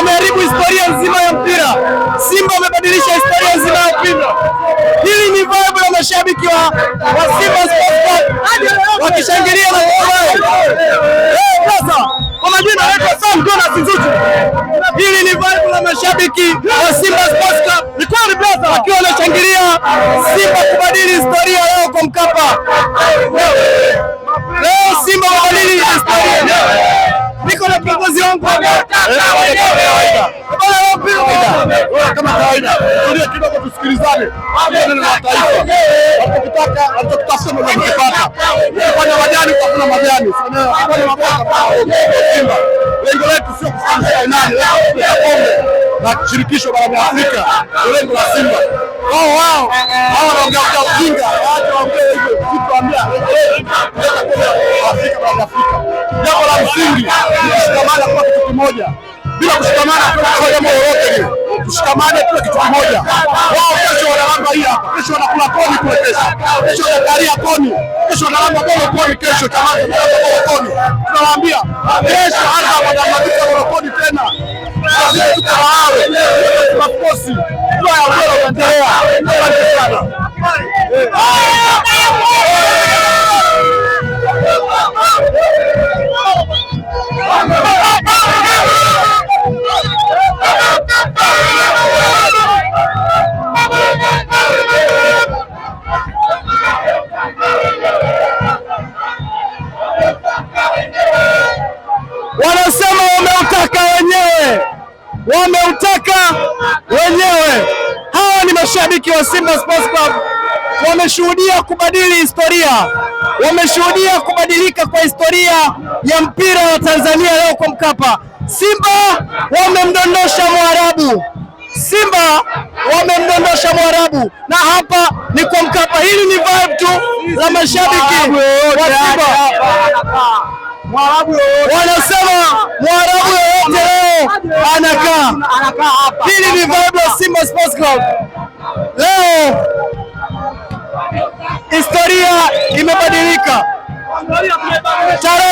wameharibu historia nzima ya mpira. Simba wamebadilisha historia nzima ya mpira. Hili ni vibe ya mashabiki wa, wa Simba Sports Club wakishangilia na sasa kwa majina Sam Hili ni vibe la mashabiki wa Simba Sports Club. Ni kweli brother, wakiwa wanashangilia Simba kubadili historia kwa Mkapa. Leo Simba wabadili historia. Niko na kiongozi wangu kidogo tusikilizane, kufanya majani kuna majani, lengo letu sio kombe na shirikisho barani Afrika, lengo la Simba wao wao hao wanaongea ujinga, hivyo Afrika Afrika. Jambo la msingi ni kushikamana kwa kitu kimoja bila kushikamana kwa moyo wote, ni tushikamane kwa kitu kimoja. Wao kesho wanalamba hii hapa, kesho wanakula koni kule, kesho kesho wanakalia koni, kesho wanalamba bolo koni, kesho tamaa bolo koni. Tunawaambia kesho hata watamaliza bolo koni tena, lazima tukaawe tunakosi kwa bolo kuendelea. Asante sana. wanasema wameutaka wenyewe, wameutaka wenyewe. Hawa ni mashabiki wa Simba Sports Club, wameshuhudia kubadili historia, wameshuhudia kubadilika kwa historia ya mpira wa Tanzania leo kwa Mkapa. Simba wamemdondosha Mwarabu, Simba wamemdondosha Mwarabu, na hapa ni kwa Mkapa. Hili ni vibe tu la mashabiki wa Simba wanasema Mwarabu yoyote leo anakaa Hili ni vibe la Simba Sports Club. Leo historia imebadilika.